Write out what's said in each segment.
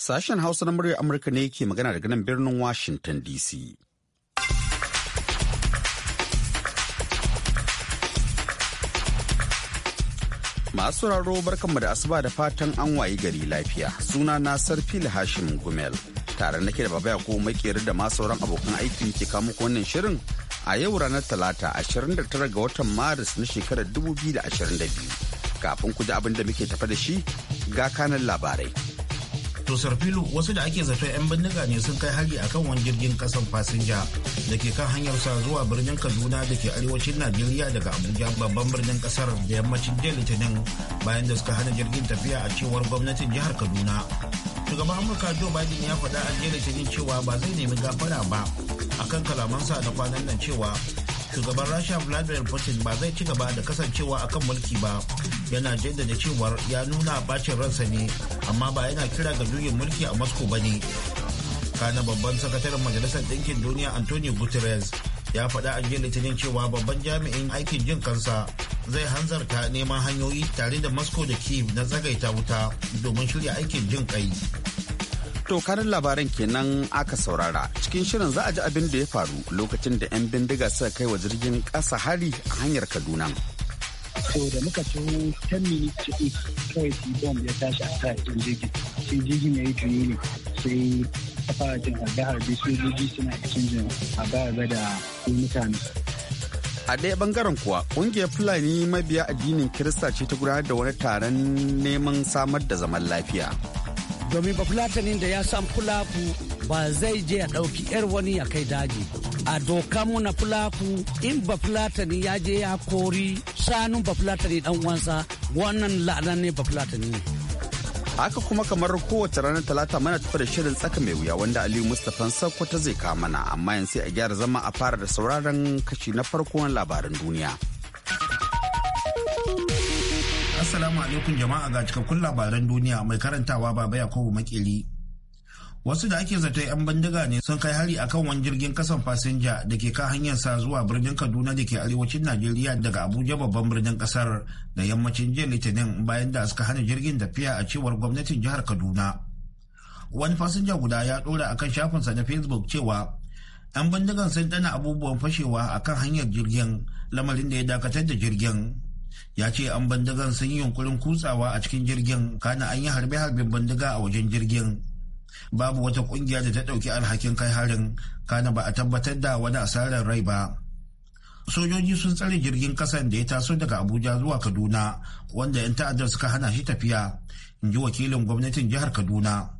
Sashen Hausa na muryar Amurka ne ke magana daga nan birnin Washington DC. Masu raro barkanmu da asuba da fatan an wayi gari lafiya. Suna na Sarfil Hashim Gumel. Tare nake da babaya ko makeri da masu sauran abokan aiki ke kamo wannan shirin a yau ranar Talata 29 ga watan Maris na shekarar 2022. Kafin ku ji abin da muke tafa da shi ga kanan labarai. To Sarfilu wasu da ake zato 'yan bindiga ne sun kai hari akan wani jirgin kasan fasinja da ke kan hanyar sa zuwa birnin Kaduna da ke arewacin Najeriya daga Abuja babban birnin kasar da yammacin jiya Litinin bayan da suka hana jirgin tafiya a cewar gwamnatin jihar Kaduna. Shugaban Amurka Joe Biden ya faɗa a jiya Litinin cewa ba zai nemi gafara ba akan kalamansa da kwanan nan cewa shugaban rasha vladimir putin ba zai ci gaba da kasancewa akan mulki ba yana jaddada cewar ya nuna bacin ransa ne amma ba yana kira ga juyin mulki a moscow ba ne kana babban sakataren majalisar ɗinkin duniya antonio guterres ya faɗa a jiya litinin cewa babban jami'in aikin jin kansa zai hanzarta neman hanyoyi tare da moscow da kiev na tsagaita wuta domin shirya aikin jin kai To karin labaran kenan aka saurara cikin shirin za a ji abin da ya faru lokacin da 'yan bindiga suka kai wa jirgin ƙasa hari a hanyar Kaduna. To da muka ci 10 minutes to kawai su bom ya tashi a kan jirgin sai jirgin ya yi tuni ne sai a fara jin harbe-harbe jirgin suna cikin jin harbe-harbe da mutane. a ɗaya bangaren kuwa ƙungiyar fulani mabiya addinin kirista ce ta gudanar da wani taron neman samar da zaman lafiya domin ba fulatanin da ya san fulafu ba zai je ya ɗauki yar wani ya kai daji a doka na fulafu in ba fulatani ya je ya kori shanun ba fulatani dan wansa wannan la'anan ne ba fulatani ne haka kuma kamar kowace ranar talata mana tafi da shirin tsaka mai wuya wanda aliyu mustapha sakwata zai kawo mana amma yanzu a gyara zama a fara da sauraron kashi na farko na labaran duniya Assalamu alaikum jama'a ga cikakkun labaran duniya mai karantawa baba Yakubu Makeri. Wasu da ake zato 'yan bindiga ne sun kai hari akan wani jirgin kasan fasinja da ke ka hanyar sa zuwa birnin Kaduna da ke arewacin Najeriya daga Abuja babban birnin kasar da yammacin jiya Litinin bayan da suka hana jirgin tafiya a cewar gwamnatin jihar Kaduna. Wani fasinja guda ya ɗora a kan shafinsa na Facebook cewa 'yan bindigan sun dana abubuwan fashewa akan hanyar jirgin lamarin da ya dakatar da jirgin. ya ce an bandigan sun yi yunkurin kutsawa a cikin jirgin kana an yi harbe-harben bandiga a wajen jirgin babu wata kungiya da ta ɗauki alhakin kai harin kana ba a tabbatar da wani asarar rai ba sojoji sun tsare jirgin kasan da ya taso daga abuja zuwa kaduna wanda 'yan ta'addar suka hana shi tafiya in ji wakilin gwamnatin jihar kaduna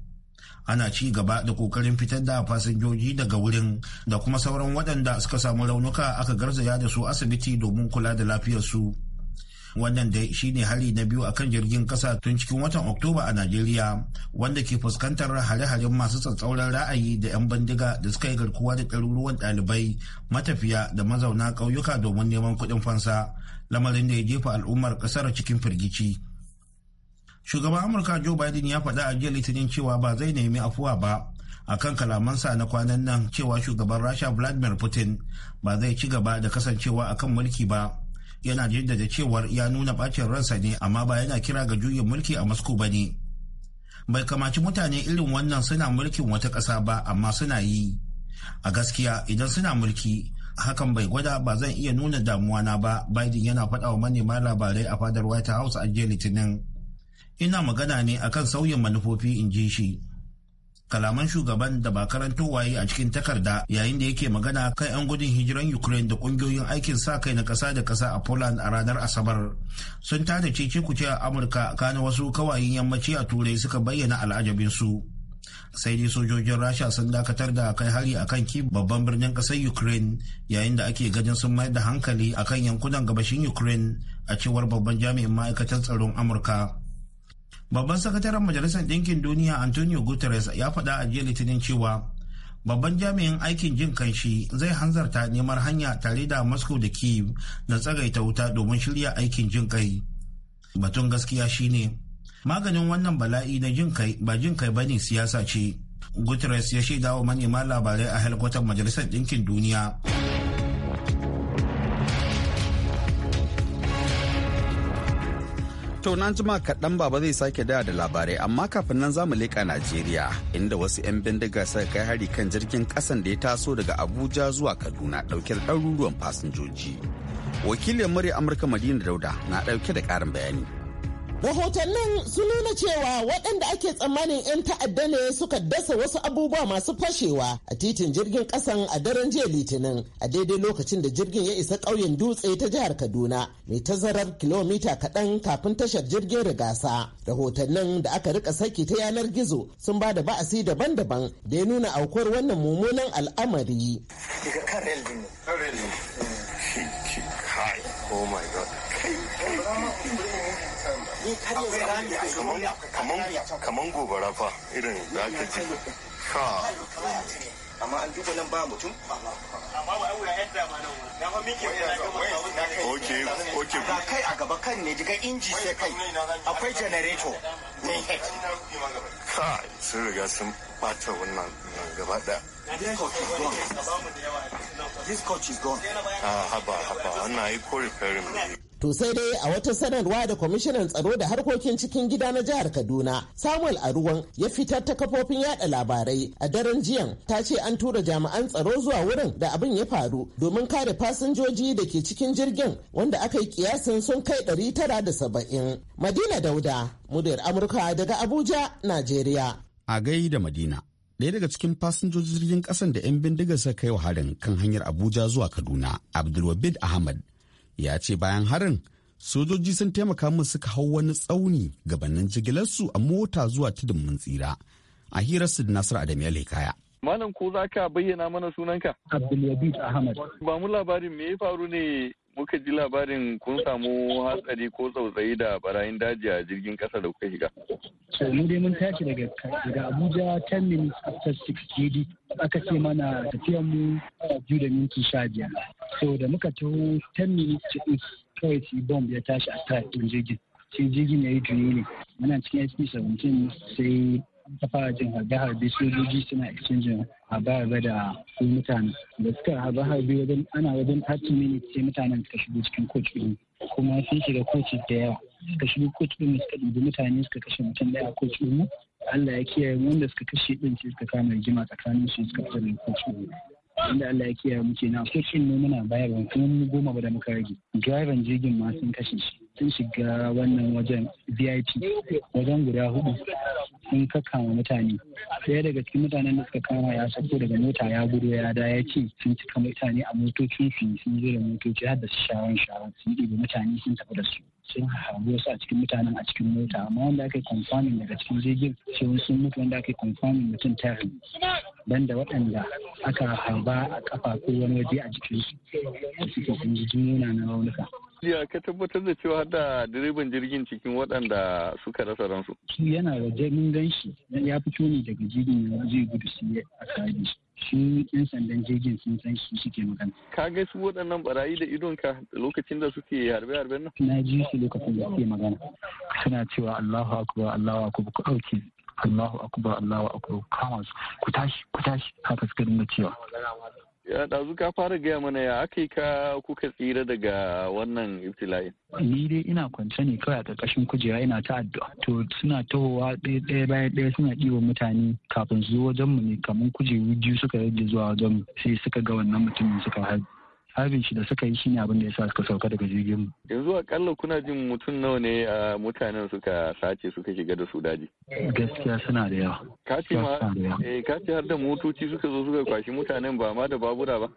ana ci gaba da kokarin fitar da fasinjoji daga wurin da kuma sauran waɗanda suka samu raunuka aka garzaya da su asibiti domin kula da lafiyarsu. su wannan dai ne hari na biyu a kan jirgin kasa tun cikin watan oktoba a najeriya wanda ke fuskantar hare-haren masu tsatsauran ra'ayi da 'yan bandiga da suka yi garkuwa da ɗaruruwan ɗalibai matafiya da mazauna ƙauyuka domin neman kuɗin fansa lamarin da ya jefa al'ummar ƙasar cikin firgici shugaban amurka joe biden ya faɗa a jiya litinin cewa ba zai nemi afuwa ba akan kalamansa na kwanan nan cewa shugaban rasha vladimir putin ba zai ci gaba da kasancewa akan mulki ba yana jaddada cewar ya nuna bacin ransa ne amma ba yana kira ga juyin mulki a Moscow ba ne. Bai kamaci mutane irin wannan suna mulkin wata ƙasa ba amma suna yi. A gaskiya idan suna mulki hakan bai gwada ba zan iya nuna damuwa na ba Biden yana faɗa wa manema labarai a fadar White House a jiya Litinin. Ina magana ne akan sauyin manufofi in ji shi. kalaman shugaban da ba karanto waye a cikin takarda yayin da yake magana kan 'yan gudun hijiran ukraine da kungiyoyin aikin sa kai na kasa da kasa a poland a ranar asabar sun tada cece kuce a amurka kana wasu kawayen yammaci a turai suka bayyana al'ajabin su sai dai sojojin rasha sun dakatar da kai hari a kan babban birnin kasar ukraine yayin da ake ganin sun mayar da hankali a kan yankunan gabashin ukraine a cewar babban jami'in ma'aikatar tsaron amurka Babban sakataren Majalisar Ɗinkin Duniya Antonio Guterres ya faɗa a jiya Litinin cewa babban jami'in aikin jin kanshi zai hanzarta neman hanya tare da Moscow da Kyiv da tsagaita wuta domin shirya aikin jin kai. Batun gaskiya shine maganin wannan bala'i na jin kai ba jin kai bane siyasa ce. Guterres ya shaida wa manema labarai a helikwatar Majalisar Ɗinkin Duniya. To na jima kaɗan baba zai sake da da labarai amma kafin nan zamu leƙa Najeriya inda wasu 'yan bindiga suka kai hari kan jirgin ƙasan da ya taso daga Abuja zuwa Kaduna ɗauke da ɗaruruwan fasinjoji. Wakilin murya Amurka Madina Dauda na ɗauke da ƙarin bayani. Rahotannin sun nuna cewa waɗanda ake tsammanin 'yan ta'adda ne suka dasa wasu abubuwa masu fashewa a titin jirgin ƙasan a daren jiya Litinin a daidai lokacin da jirgin ya isa ƙauyen dutse ta jihar Kaduna mai tazarar kilomita kaɗan kafin tashar jirgin rigasa. Rahotannin da aka rika saki ta yanar gizo sun ba da ba'asi daban-daban da ya nuna aukuwar wannan mummunan al'amari. Daga kan rel ne. Eh. Oh my God. ni kar ya zara ni kaman kaman gobara fa irin da aka ji ka amma an duba nan ba mutum amma ba aure yadda ma nan na fa miki na ga oke oke ba kai a gaba kan ne diga inji sai kai akwai generator ne ka sun riga sun bata wannan gaba daya This coach is gone. This coach is gone. Ah, haba, haba. Wannan ai ko repairing ne. To sai dai a wata sanarwa da kwamishinan tsaro da harkokin cikin gida na jihar Kaduna Samuel Aruwan ya fitar ta kafofin yada labarai a daren jiyan ta ce an tura jami'an tsaro zuwa wurin da abin ya faru domin kare fasinjoji da ke cikin jirgin wanda aka yi kiyasin sun kai 970. Madina Dauda, Mudir Amurka daga Abuja, Najeriya. A gai da Madina. Ɗaya daga cikin fasinjoji jirgin ƙasan da 'yan bindiga suka kai wa harin kan hanyar Abuja zuwa Kaduna, Abdulwabid Ahmad ya ce bayan harin sojoji sun taimaka min suka hau wani tsauni gabanin jigilarsu a mota zuwa tudun mun tsira a hirarsu da nasiru adam ya kaya Malam ko za ka bayyana mana sunanka? Abdul Ahmad. Ba mu labarin me ya faru ne muka ji labarin kun samu hatsari ko tsautsayi da barayin daji a jirgin kasa da kuka shiga? So mu dai mun tashi daga daga Abuja 10 minutes after 6 GD aka ce mana tafiyar mu biyu da minti sha biyar. So da muka taho 10 minutes to east kawai si bomb ya tashi a start jirgin. Sai jirgin ya yi juyi ne. Muna cikin SP 17 sai ta fara jin harbe-harbe sojoji suna exchanging harbe-harbe da su mutane da suka harbe-harbe wajen ana wajen 30 minutes sai mutanen suka shigo cikin coach din kuma sun shiga coach da yawa suka shigo coach din suka dubi mutane suka kashe mutum daya a coach din Allah ya kiyaye wanda suka kashe din sai suka kama rigima tsakanin su suka fita daga coach din inda Allah ya kiyaye muke na coach din ne muna bayarwa kuma mu goma ba da muka rage driver jirgin ma sun kashe shi sun shiga wannan wajen vip wajen guda hudu sun kakkama mutane daya daga cikin mutanen da suka kama ya sako daga mota ya gudu ya da ya ce sun cika mutane a motocin su sun zo da motoci har da su shawon shawon sun ɗibi mutane sun tafi da su sun harbo su a cikin mutanen a cikin mota amma wanda aka yi confirming daga cikin jirgin sai sun mutu wanda aka yi confirming mutum tare dan da waɗanda aka harba a kafa ko wani waje a jikin su suke sun ji jimuna na raunuka Ya ka tabbatar da cewa da direban jirgin cikin waɗanda suka rasa ransu. Yana da mun ganshi shi ya fito ne daga jirgin zai gudu su a kare shi. shi yan sandan jirgin sun san shi suke magana. Ka ga su waɗannan barayi da idonka lokacin da suke harbe-harbe nan? Na ji su lokacin da suke magana. Suna cewa Allahu akbar Allahu akbar ku ɗauke Allahu akbar Allahu akbar kama su ku tashi ku tashi haka suka dinga cewa. ya ɗazu ka fara gaya mana ya aka yi ka kuka tsira daga wannan iftila'in. Ni dai ina kwance ne kawai a ƙarƙashin kujera ina ta addu'a. To suna tahowa ɗaya bayan ɗaya suna ɗiwa mutane kafin su zo wajen mu ne kamar kujeru biyu suka rage zuwa wajen mu sai suka ga wannan mutumin suka haɗu. harin shi da suka yi shine abin da ya sa suka sauka daga jirgin yanzu akalla kuna jin mutum nawa ne a mutanen suka sace suka shiga da su daji gaskiya suna da yawa kace ma eh kace har da motoci suka zo suka kwashi mutanen ba ma da babura ba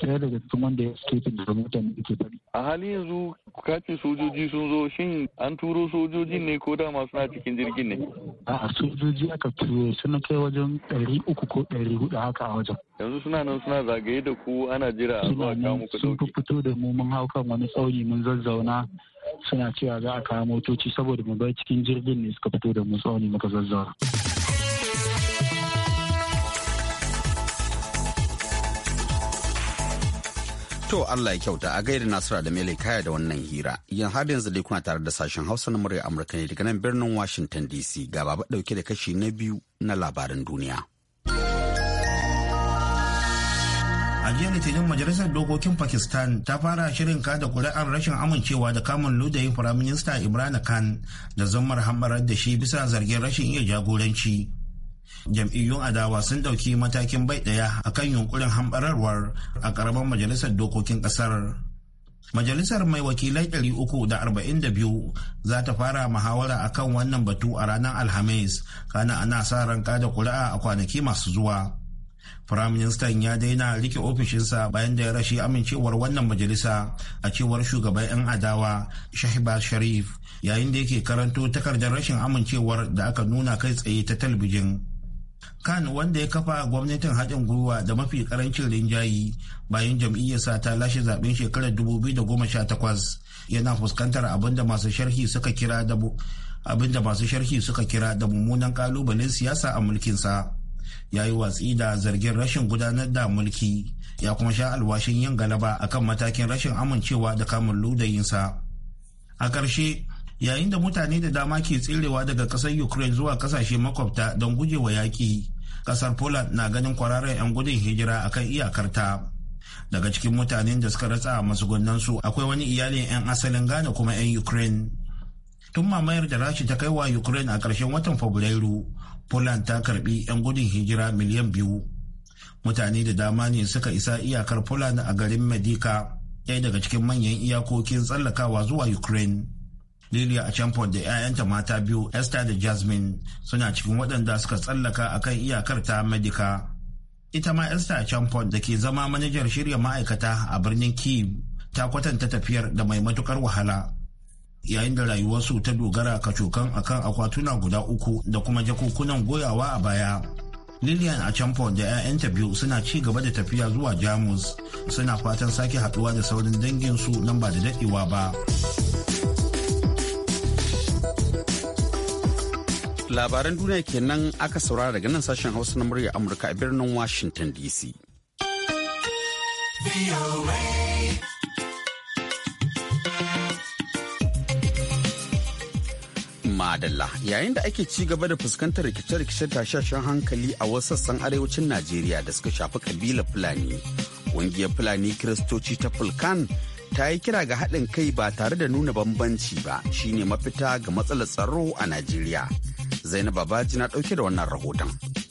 ɗaya daga cikin wanda ya suke da mutane da ke bari a halin yanzu kace sojoji sun zo shin an turo sojojin ne ko dama suna cikin jirgin ne a'a sojoji aka turo suna kai wajen ɗari uku ko ɗari hudu haka a wajen yanzu suna nan suna zagaye da ku ana jira a zuwa kawo muku sun fito da mu mun hau kan wani tsauni mun zazzauna suna cewa za a kawo motoci saboda mu bar cikin jirgin ne suka fito da mu tsauni muka zazzauna To Allah ya kyauta a gaida Nasira da Mele Kaya da wannan hira. Yan har yanzu dai kuna tare da sashen Hausa na murya Amurka ne daga nan birnin Washington DC ga baba dauke da kashi na biyu na labaran duniya. a jiya litinin majalisar dokokin pakistan ta fara shirin kada kuri'ar rashin amincewa da kamun ludayin firaminista imran khan da zammar hamarar da shi bisa zargin rashin iya jagoranci jam'iyyun adawa sun dauki matakin bai daya a kan yunkurin hambararwar a karamar majalisar dokokin kasar majalisar mai wakilai uku da arba'in 342 za ta fara muhawara akan wannan batu a ranar alhamis kana ana sa ran kada kuri'a a kwanaki masu zuwa Firaministan ya daina rike ofishinsa bayan da ya rashi amincewar wannan majalisa a cewar shugaban 'yan adawa Shahiba Sharif yayin da yake karanto takardar rashin amincewar da aka nuna kai tsaye ta talbijin. kan wanda ya kafa gwamnatin haɗin gwiwa da mafi ƙarancin rinjayi bayan jam'iyyarsa ta lashe zaben shekarar 2018 yana fuskantar abin da masu sharhi suka kira da abin masu sharhi suka kira da mummunan kalubalen siyasa a mulkinsa. ya yi watsi da zargin rashin gudanar da mulki ya kuma sha alwashin yin galaba akan matakin rashin amincewa da kamun ludayinsa a ƙarshe yayin da mutane da dama ke tserewa daga ƙasar ukraine zuwa ƙasashe makwabta don gujewa yaƙi ƙasar poland na ganin kwararren 'yan gudun hijira a kan iyakarta daga cikin mutanen da suka rasa ratsa masugunansu akwai wani iyalin 'yan asalin ghana kuma 'yan ukraine tun mamayar da rashi ta kai wa ukraine a ƙarshen watan fabrairu poland ta karbi 'yan gudun hijira miliyan biyu mutane da dama ne suka isa iyakar poland a garin medika ɗaya daga cikin manyan iyakokin tsallakawa zuwa ukraine lilia a achampon da 'ya'yanta mata biyu esther da jasmine suna cikin waɗanda suka tsallaka a kan iyakar ta medica. ita ma esther achampon da ke zama manajar shirya ma'aikata a birnin kiev ta kwatanta tafiyar da mai matukar wahala yayin da rayuwarsu ta dogara kacokan akan akwatuna guda uku da kuma jakokunan goyawa a baya lillian achampo da 'ya'yanta biyu suna ci gaba da tafiya zuwa jamus suna fatan sake haɗuwa da saurin danginsu nan ba da daɗewa ba labaran duniya kenan aka saurara daga nan sashen hausa na murya amurka a birnin washington dc Madalla yayin da ake ci gaba da fuskantar rikice-rikice tashashen hankali a wasu sassan arewacin Najeriya da suka shafi kabila Fulani. Ƙungiyar Fulani Kiristoci ta Fulkan ta yi kira ga haɗin kai ba tare da nuna bambanci ba shine mafita ga matsalar tsaro a Najeriya. Zainab Babaji na ɗauke da wannan rahoton.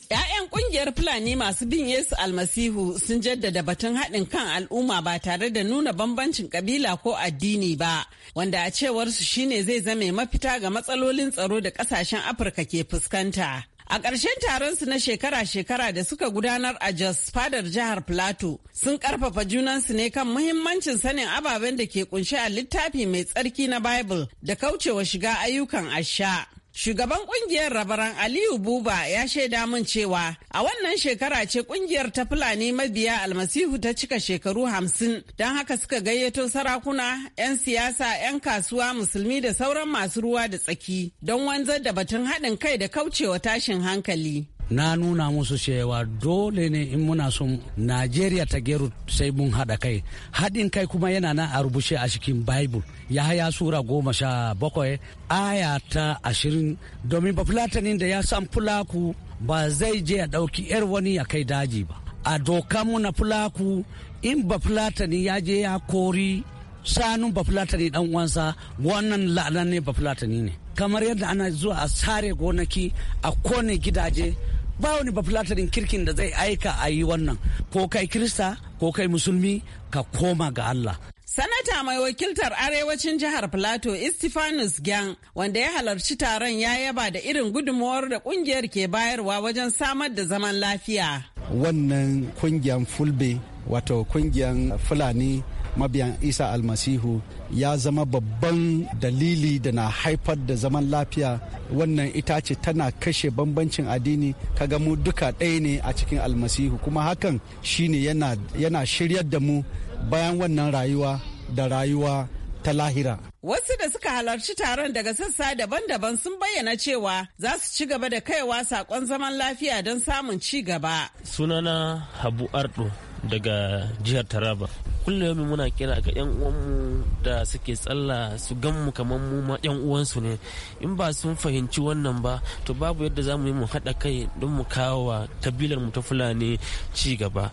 'Ya'yan kungiyar Fulani masu bin Yesu almasihu sun jaddada batun haɗin kan al'umma ba tare da nuna bambancin ƙabila ko addini ba, wanda a cewarsu shine zai zame mafita ga matsalolin tsaro da ƙasashen Afirka ke fuskanta. A ƙarshen taron su na shekara-shekara da suka gudanar a Jos Fadar Jihar Plateau sun ƙarfafa junansu ne kan muhimmancin sanin ababen da ke kunshe a littafi mai tsarki na Bible da kaucewa shiga ayyukan asha. Shugaban kungiyar rabaran Aliyu Buba ya shaida min cewa a wannan shekara ce kungiyar ta Fulani mabiya almasihu ta cika shekaru hamsin don haka suka gayyato sarakuna, 'yan siyasa, 'yan kasuwa, musulmi da sauran masu ruwa da tsaki don wanzar da batun haɗin kai da kaucewa tashin hankali. na nuna musu cewa dole ne in muna son najeriya ta geru sai mun haɗa kai haɗin kai kuma yana nan a rubuce a cikin bible ya haya sura goma sha bakwai aya ta ashirin domin fulatanin da ya san fulaku ba zai je ya ɗauki yar wani ya kai daji ba a doka mu na fulaku in bafulatani ya je ya kori sanun bafulatani dan uwansa wannan la'anan ne bafulatani ne kamar yadda ana zuwa a sare gonaki a kone gidaje ba wani bafulatarin kirkin da zai aika a yi wannan ko kai kirista ko kai musulmi ka koma ga Allah. Sanata mai wakiltar arewacin jihar plato Istifanus Gyan wanda ya halarci taron ya yaba da irin gudunmuwar da kungiyar ke bayarwa wajen samar da zaman lafiya. Wannan kungiyar Fulbe wato kungiyar Fulani mabiyan isa almasihu ya zama babban dalili da na haifar da zaman lafiya wannan itace tana kashe bambancin addini kaga mu duka ɗaya ne a cikin almasihu kuma hakan shine yana, yana shiryar da mu bayan wannan rayuwa da rayuwa ta lahira. Wasu da suka halarci taron daga sassa daban-daban sun bayyana cewa za su ci gaba da kaiwa sakon zaman lafiya don samun ci gaba. Sunana Habu Ardo daga jihar Taraba. kullum muna kira ga yan uwanmu da suke tsalla su gan mu kamar mu ma yan uwansu ne in ba sun fahimci wannan ba to babu yadda za mu yi mu haɗa kai don mu kawo wa kabilar mu ta fulani ci gaba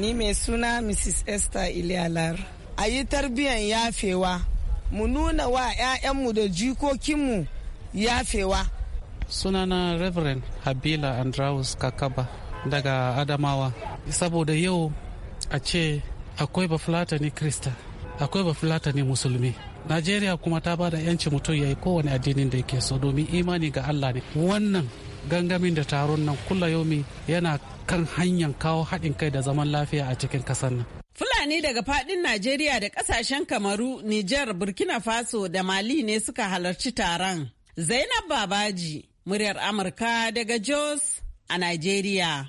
ni mai suna mrs esther ilialar a yi tarbiyan yafewa mu nuna wa 'ya'yanmu da jikokinmu yafewa sunana reverend habila andrews kakaba daga adamawa saboda yau a ce akwai ne krista akwai ne musulmi najeriya kuma ta bada yanci mutum ya yi kowane addinin da yake so domin imani ga allah ne wannan gangamin da taron nan kula yomi yana kan hanyar kawo haɗin kai da zaman lafiya a cikin ƙasar nan Fulani daga fadin Najeriya da kasashen Kamaru, Nijar, Burkina Faso da Mali ne suka halarci taron. Zainab Babaji, muryar Amurka daga Jos a Najeriya.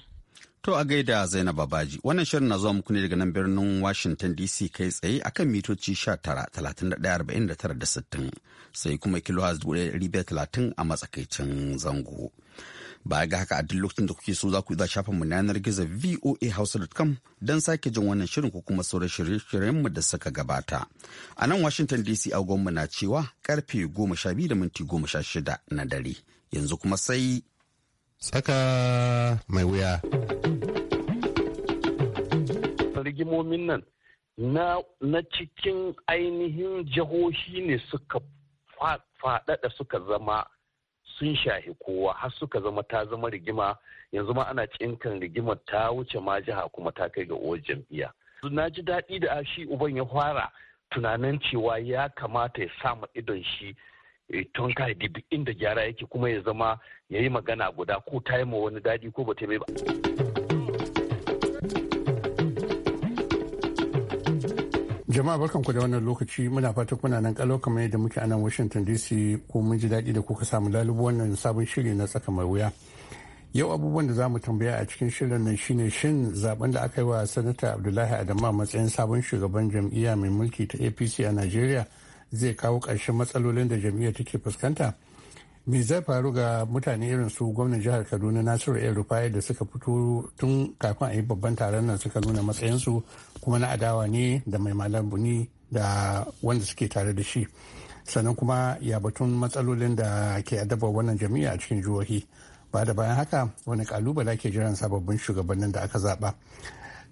To a gaida Zainab Babaji, wannan shirin na zuwa muku ne daga nan birnin Washington DC kai tsaye akan mitoci 19-31-60 sai kuma kilo talatin a matsakaicin zango. ba ga haka a duk lokacin da kuke so za ku iya shafin mu yanar gizo voahouse.com don sake jin wannan shirin ko kuma sauran shirye-shiryen mu da suka gabata. A nan Washington DC agonmu na cewa karfe biyu da minti na dare. Yanzu kuma sai tsaka mai wuya. rigimomin nan na cikin ainihin jihohi ne suka faɗaɗa suka zama sun shahi kowa har suka zama ta zama rigima yanzu ma ana cinkan rigimar ta wuce ma jiha kuma ta kai ga uwar jam'iyya. na ji daɗi da shi uban ya fara tunanin cewa ya kamata ya samu idon shi Eh, tun ka duk inda gyara yake kuma ya zama ya yi magana guda ko ta yi ma wani daɗi ko ba ta yi ba. jama'a ku da wannan lokaci muna fata kuna nan kalau kamar yadda muke anan washington dc ko mun ji daɗi da kuka samu lalubu wannan sabon shiri na tsaka mai wuya yau abubuwan da za mu tambaya a cikin shirin nan shine shin zaben da aka yi wa sanata abdullahi adama matsayin sabon shugaban jam'iyya mai mulki ta apc a najeriya zai kawo ƙarshen matsalolin da jam'iyyar take fuskanta me zai faru ga mutane irin su gwamnan jihar kaduna nasiru el rufai da suka fito tun kafin a yi babban taron nan suka nuna matsayinsu kuma na adawa ne da mai malam buni da wanda suke tare da shi sannan kuma ya batun matsalolin da ke adaba wannan jami'a a cikin jihohi ba da bayan haka wani kalubala ke jiran sababbin shugabannin da aka zaba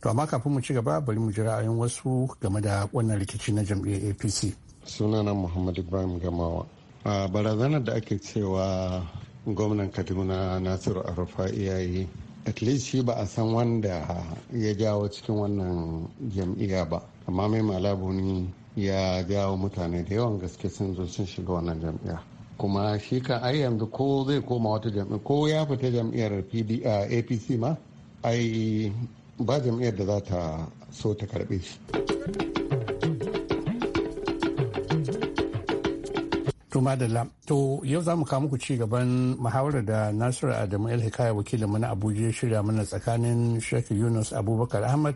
to amma kafin mu ci gaba bari mu jira ayin wasu game da wannan rikici na jam'iyyar apc sunana muhammad ibrahim gamawa a barazanar da ake cewa gwamnan kaduna nasiru arufa iyayi at least shi ba a san wanda ya jawo cikin wannan jam'iyya ba amma mai malabu ne ya jawo mutane da yawan gaske sun zo sun shiga wannan jam'iyya kuma shi kan ai yanzu ko zai koma wata jam'iyya ko ya fita jam'iyyar apc ma ai ba jam'iyyar da za ta so ta karbe shi To madalla, to yau za mu kawo muku ci gaban muhawarar da Nasiru Adamu El Hikaya wakilin mana Abuja ya shirya mana tsakanin Sheikh Yunus Abubakar Ahmad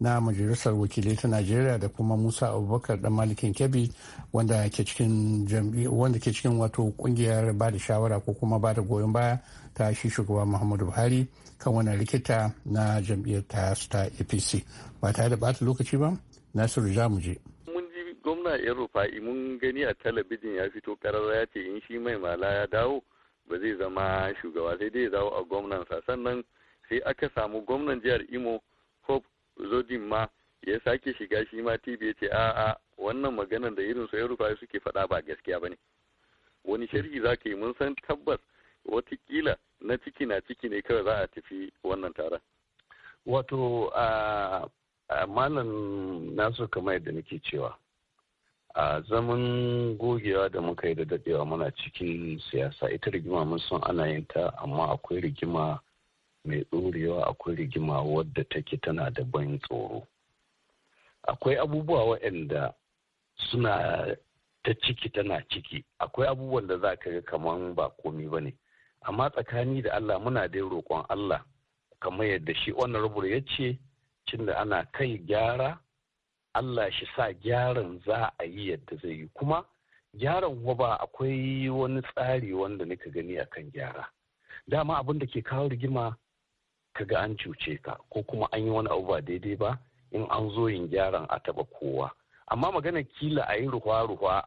na Majalisar Wakilai ta Najeriya da kuma Musa Abubakar dan Malikin Kebbi wanda ke cikin wanda ke cikin wato kungiyar ba da shawara ko kuma ba da goyon baya ta shi shugaba Muhammadu Buhari kan wannan rikita na jam'iyyar ta APC. Ba tare da bata lokaci ba, Nasiru za mu je. yasa 'yan rufa'i mun gani a talabijin ya fito kararra ya ce in shi mai mala ya dawo ba zai zama shugaba sai dai ya dawo a gwamnansa sannan sai aka samu gwamnan jihar imo hope zodin ma ya sake shiga shi ma tv ya ce a'a wannan maganan da irin su ya rufa'i suke faɗa ba gaskiya ba ne wani sharhi za ka yi mun san tabbas watakila na ciki na ciki ne kawai za a tafi wannan taron wato malam nasu kamar yadda nake cewa a zaman gogewa da muka yi da dadewa muna cikin siyasa ita rigima mun san ana yin ta amma akwai rigima mai ɗorewa akwai rigima wadda take tana da ban tsoro akwai abubuwa waɗanda suna ta ciki tana ciki akwai abubuwan da za ka ga kaman ba komi ba ne amma tsakani da allah muna dai roƙon allah kamar yadda shi wannan rubur ya ce cin da ana kai gyara Allah shi sa gyaran za a yi yadda zai yi kuma gyaran ba akwai wani tsari wanda nika gani akan gyara dama abin da ke kawo rigima kaga an cuce ka ko kuma an yi wani abu ba daidai ba in an zo yin gyaran a taba kowa amma magana kila a yi ruwa-ruwa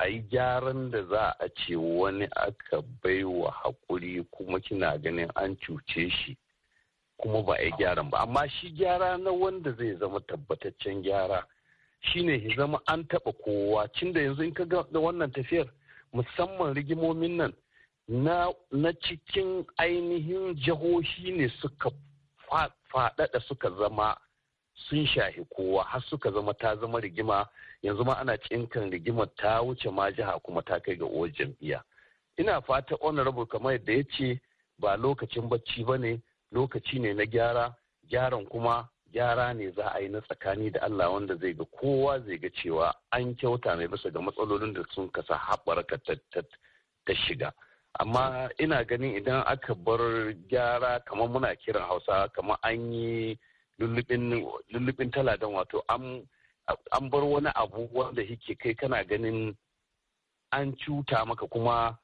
a yi gyaran da za a ce wani aka baiwa haƙuri kuma kina ganin an cuce shi kuma ba a yi gyaran ba amma shi gyara na wanda zai zama tabbataccen gyara shine ya zama an taɓa kowa cin da yanzu in ka ga wannan tafiyar musamman rigimomin nan na cikin ainihin jihohi ne suka faɗaɗa suka zama sun shahi kowa har suka zama ta zama rigima yanzu ma ana kan rigimar ta wuce ma jiha kuma ta kai ga uwar jam'iyya ina fata honorable kamar yadda ya ce ba lokacin bacci ba ne lokaci ne na gyara gyaran kuma gyara ne za a yi na tsakani da Allah wanda zai ga kowa zai ga cewa an kyauta mai bisa ga matsalolin da sun kasa haɓarka ta shiga amma ina ganin idan aka bar gyara kamar muna kiran hausa kamar an yi lullubin taladan wato an bar wani abu wanda yake kai kana ganin an cuta maka kuma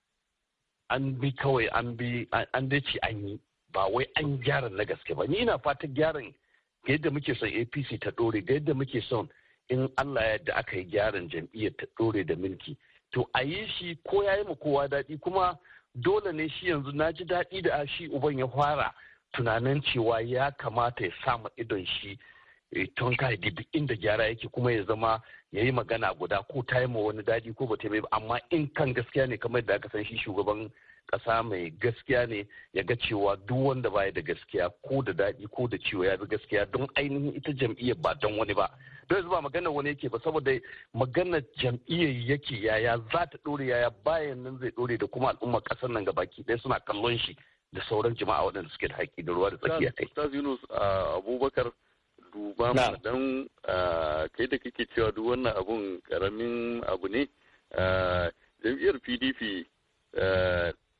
an bi kawai an bi an dace an yi ba wai an gyara na gaske ba ni ina fatan gyaran yadda muke son apc ta dore da yadda muke son in allah yadda aka yi gyaran jam'iyyar ta dore da mulki to a yi shi ko ya yi ma kowa daɗi kuma dole ne shi yanzu na ji daɗi da shi uban ya fara tunanin cewa ya kamata ya samu idon shi tun kai duk inda gyara yake kuma ya zama ya yi magana guda ko ta yi ma wani daɗi ko ba ta yi amma in kan gaskiya ne kamar da aka san shi shugaban kasa mai gaskiya ne ya ga cewa duk wanda baya da gaskiya ko da daɗi ko da ciwo ya bi gaskiya don ainihin ita jam'iyyar ba don wani ba don yanzu ba magana wani yake ba saboda magana jam'iyyar yake yaya za ta ɗore yaya bayan nan zai ɗore da kuma al'ummar ƙasar nan gabaki ɗaya suna kallon shi da sauran jama'a waɗanda suke da haƙƙi da ruwa da tsakiya kai. Ustaz Yunus Abubakar duba ma dan kai da kake cewa duk wannan abun karamin abu ne jam'iyyar PDP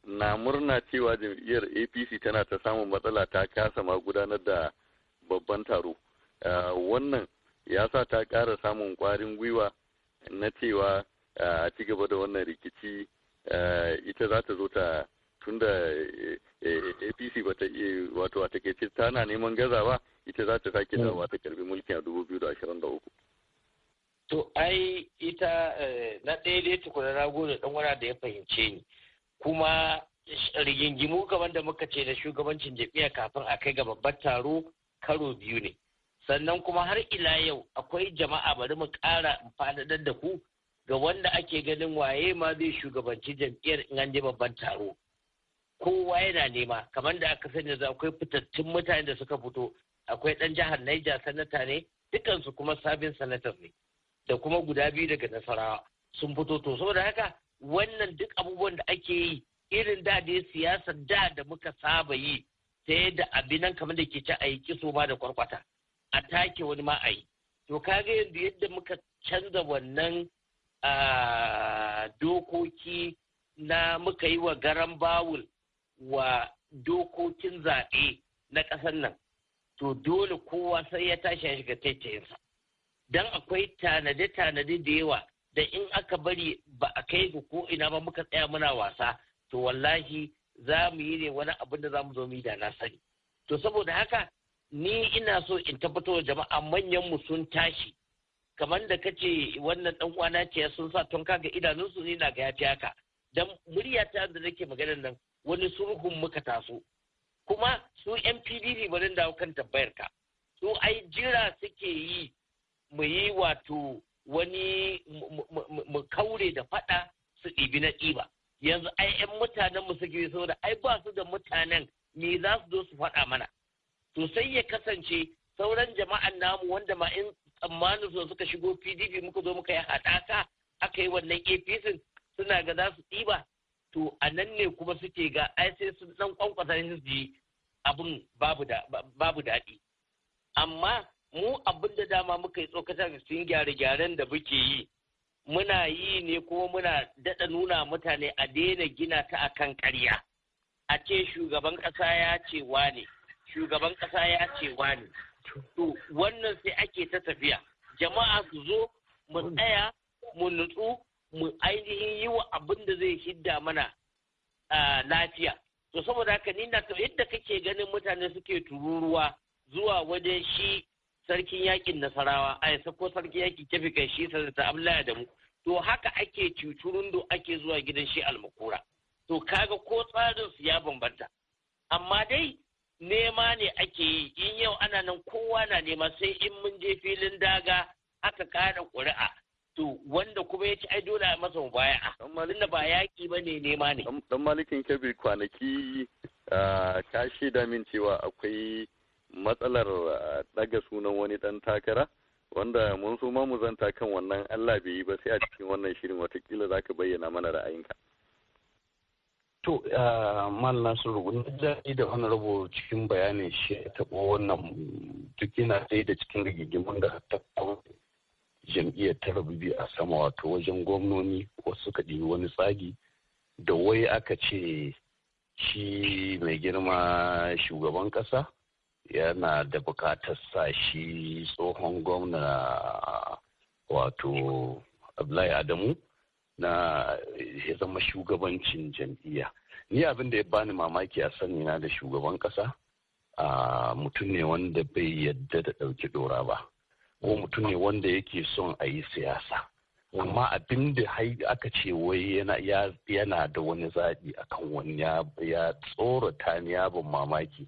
na murna cewa jam'iyyar apc tana ta samun matsala ta kasa ma gudanar da babban taro ah, wannan ya sa ta ƙara samun ƙwarin gwiwa na cewa ah, a ci gaba da wannan rikici ah, ita za ta zo ta tunda eh, eh, apc ba ta iya wato a ta tana neman gaza ba. ita za ta sake da ta karbi mulkin a 2023 to ai ita eh, na ɗaya dai tukuna na gode dan wana da ya fahimce ni kuma rigingimu kamar da muka ce na shugabancin jami'a kafin a kai ga babbar taro karo biyu ne sannan kuma har ila yau akwai jama'a bari mu ƙara faɗaɗar da ku ga wanda ake ganin waye ma zai shugabanci jam'iyyar in an je babban taro kowa yana nema kamar da aka sani yanzu akwai fitattun mutane da suka fito akwai ɗan jihar Niger sanata ne dukansu kuma sabin sanatar ne da kuma guda biyu daga nasarawa sun fito to saboda haka wannan duk abubuwan da ake yi irin da da siyasa da da muka saba yi ta yadda abinan kamar da ke ci a yi kiso ma da kwarkwata a take wani ma a yi to kaga yanzu yadda muka canza wannan dokoki na muka yi wa garan bawul wa dokokin zaɓe na ƙasar nan to dole kowa sai ya tashi ya shiga tattayinsa don akwai tanade-tanade da yawa da in aka bari ba a kai ga ko ina ba muka tsaya muna wasa to wallahi za mu yi ne wani abin da za mu zo mu da na sani to saboda haka ni ina so in tabbatar da jama'a manyan mu sun tashi kamar da kace wannan dan uwana ce sun sa ton kaga idanunsu ne na ga yafi haka dan murya ta da nake magana nan wani surhun muka taso kuma su yan pdp barin dawo kan tabbayar ka su ai jira suke yi mu yi wato wani mu kaure da faɗa su ɗibi na ɗiba yanzu ai 'yan mutanen mu suke saboda ai ba su da mutanen me za su zo su faɗa mana to sai ya kasance sauran jama'an namu wanda ma in tsammanin su suka shigo pdp muka zo muka yi haɗaka aka yi wannan apc suna ga za su ɗiba to a nan ne kuma suke ga ai sai su ɗan kwankwasa su ji abin babu daɗi amma mu abin da dama muka yi tsokatan sun gyare-gyaren da muke yi muna yi ne ko muna daɗa nuna mutane a daina gina ta akan ƙarya a ce shugaban ƙasa ya ce ne, shugaban ƙasa ya ce ne. to wannan sai ake ta tafiya jama'a su zo mu tsaya mu nutsu mu ainihin yi wa abin da zai hidda mana lafiya to saboda haka ni na yadda kake ganin mutane suke tururuwa zuwa wajen shi sarkin yakin nasarawa a yasa ko sarkin yakin kefi kai shi sa ta abla da mu to haka ake cucurundo ake zuwa gidan shi almakura to kaga ko tsarin su ya bambanta amma dai nema ne ake yi in yau ana nan kowa na nema sai in mun je filin daga aka kada ƙuri'a to wanda kuma ya ci ai dole a masa a amma ba yaƙi ba ne nema ne dan malikin kebir kwanaki ah, ka da min cewa akwai matsalar ah, ɗaga sunan wani ɗan takara wanda mun so ma mu zanta kan wannan Allah bai yi ba sai a cikin wannan shirin watakila za ka bayyana mana ra'ayinka. To, ah, Mal Nasiru, gudun daɗi da wani rabo cikin bayanin shi ya taɓo wannan duk yana ɗaya da cikin rigigimin da ta kawo jam'iyyar ta a sama wato wajen gwamnoni wasu suka ɗibi wani tsagi da wai aka ce shi mai girma shugaban ƙasa yana da bukatar sa shi tsohon gwamna wato Abdullahi Adamu na ya zama shugabancin jam'iyya. Ni abin da ya bani mamaki a sani na da shugaban kasa mutum ne wanda bai yadda da ɗauki ɗora ba, ko mutum ne wanda yake son a yi siyasa. amma abin da aka ce wai yana da wani zaɓi akan wani ya tsorata ni ya mamaki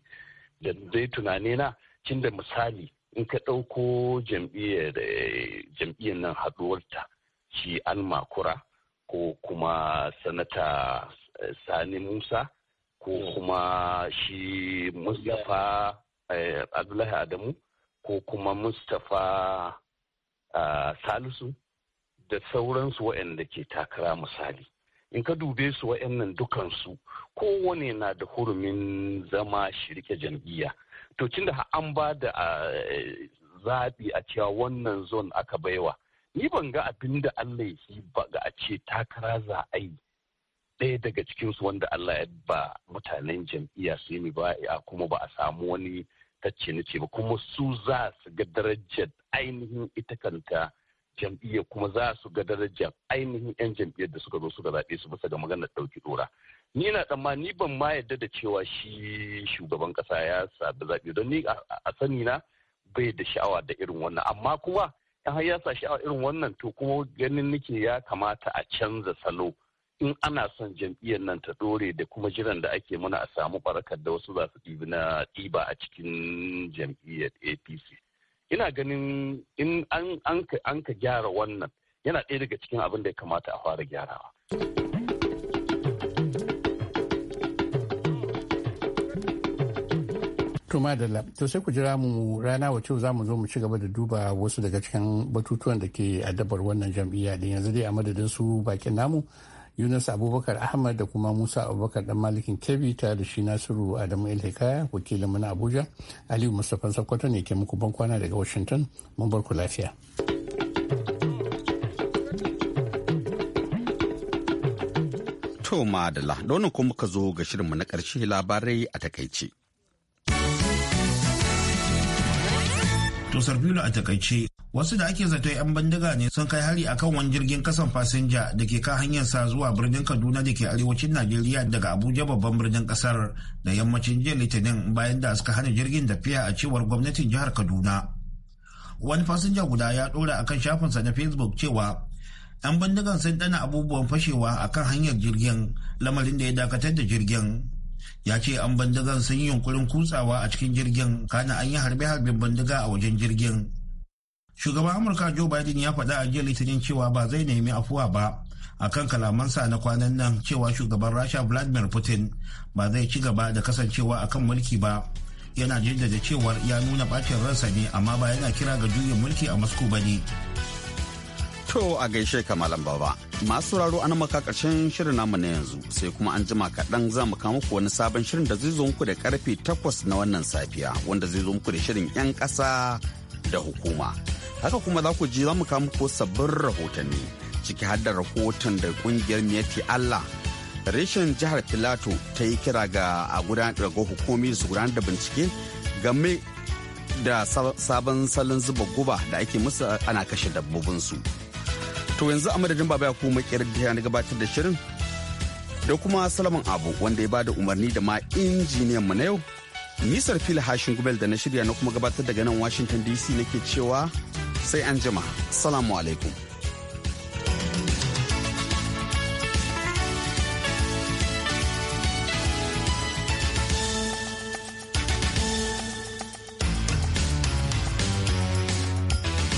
da tunani na cin da misali in ka ɗauko jam'iyyar nan haɗuwarta shi an makura ko kuma sanata eh, sani musa ko hmm. kuma shi mustapha eh, abdullahi adamu ko kuma mustapha ah, salisu da sauransu waɗanda ke takara misali in ka dube su wa'annan dukansu kowane na da hurumin zama shirke jam'iyya to cin da an ba da zaɓi a cewa wannan zon aka baiwa ni ban ga abin da Allah ya yi ba ga a ce takara za a yi ɗaya daga cikinsu wanda Allah ya ba mutanen jam'iyya su yi ba a kuma ba a samu wani tacce na ce ba kuma su za su ga darajar ainihin ita kanta jam'iyyar kuma za su ga daraja ainihin 'yan jam'iyyar da suka zo suka zaɓe su bisa ga maganar ɗauki ɗora. Ni na ni ban ma yadda da cewa shi shugaban ƙasa ya sabi zaɓe don ni a sani na bai da sha'awa da irin wannan amma kuma in har ya sa sha'awa irin wannan to kuma ganin nake ya kamata a canza salo in ana son jam'iyyar nan ta dore da kuma jiran da ake mana a samu barakar da wasu za su ɗiba a cikin jam'iyyar APC. ina ganin in an ka gyara wannan yana ɗaya daga cikin abin da ya kamata a fara gyarawa. Tuma da to sai ku jira mu rana wacce za mu zo mu ci gaba da duba wasu daga cikin batutuwan da ke addabar wannan jam'iyya da yanzu dai a madadin su bakin namu Yunus Abubakar Ahmad da kuma Musa Abubakar dan Malikin Kebbi tare da shi Nasiru Adamu Ilhikaya wakilinmu na Abuja Aliyu Mustapha Sokoto ne ke muku bankwana daga Washington mun bar ku lafiya. To madala, da wannan kuma ka zo ga shirinmu na karshe labarai a takaice. To Sarfilo a takaice wasu da ake zato 'yan bindiga ne sun kai hari akan wani jirgin kasan fasinja da ke kan hanyar sa zuwa birnin Kaduna da ke arewacin Najeriya daga Abuja babban birnin kasar da yammacin jiya Litinin bayan da suka hana jirgin tafiya a cewar gwamnatin jihar Kaduna. Wani fasinja guda ya dora akan shafinsa na Facebook cewa 'yan bindigan sun dana abubuwan fashewa akan hanyar jirgin lamarin da ya dakatar da jirgin. ya ce an bandigan sun yi yunkurin kutsawa a cikin jirgin kana an yi harbe-harben bandaga a wajen jirgin shugaban amurka joe biden ya faɗa a jiya litinin cewa ba zai nemi afuwa ba a akan kalamansa na kwanan nan cewa shugaban rasha vladimir putin ba zai ci gaba da kasancewa a kan mulki ba yana jaddada cewar ya nuna ɓacin ransa ne amma ba yana kira ga juyin mulki a moscow ba ne To a gaishe ka malam baba. Masu sauraro an maka karshen shirin namu na yanzu sai kuma an jima kaɗan za mu kawo muku wani sabon shirin da zai zo muku da karfe takwas na wannan safiya wanda zai zo muku da shirin 'yan ƙasa da hukuma. Haka kuma za ku ji za mu kawo muku sabbin rahotanni ciki har da rahoton da kungiyar Miyati Allah reshen jihar Filato ta yi kira ga a gudanar da hukumi su gudanar da bincike game da sabon salon zuba guba da ake musu ana kashe dabbobinsu. su. To yanzu a madadin baba ya kuma makiyar da na gabatar da shirin da kuma Salaman Abu wanda ya ba da umarni da ma injiniyan mu na yau. Nisar fili hashin gubel da na shirya na kuma gabatar daga nan Washington DC nake cewa sai an jima. Salamu alaikum.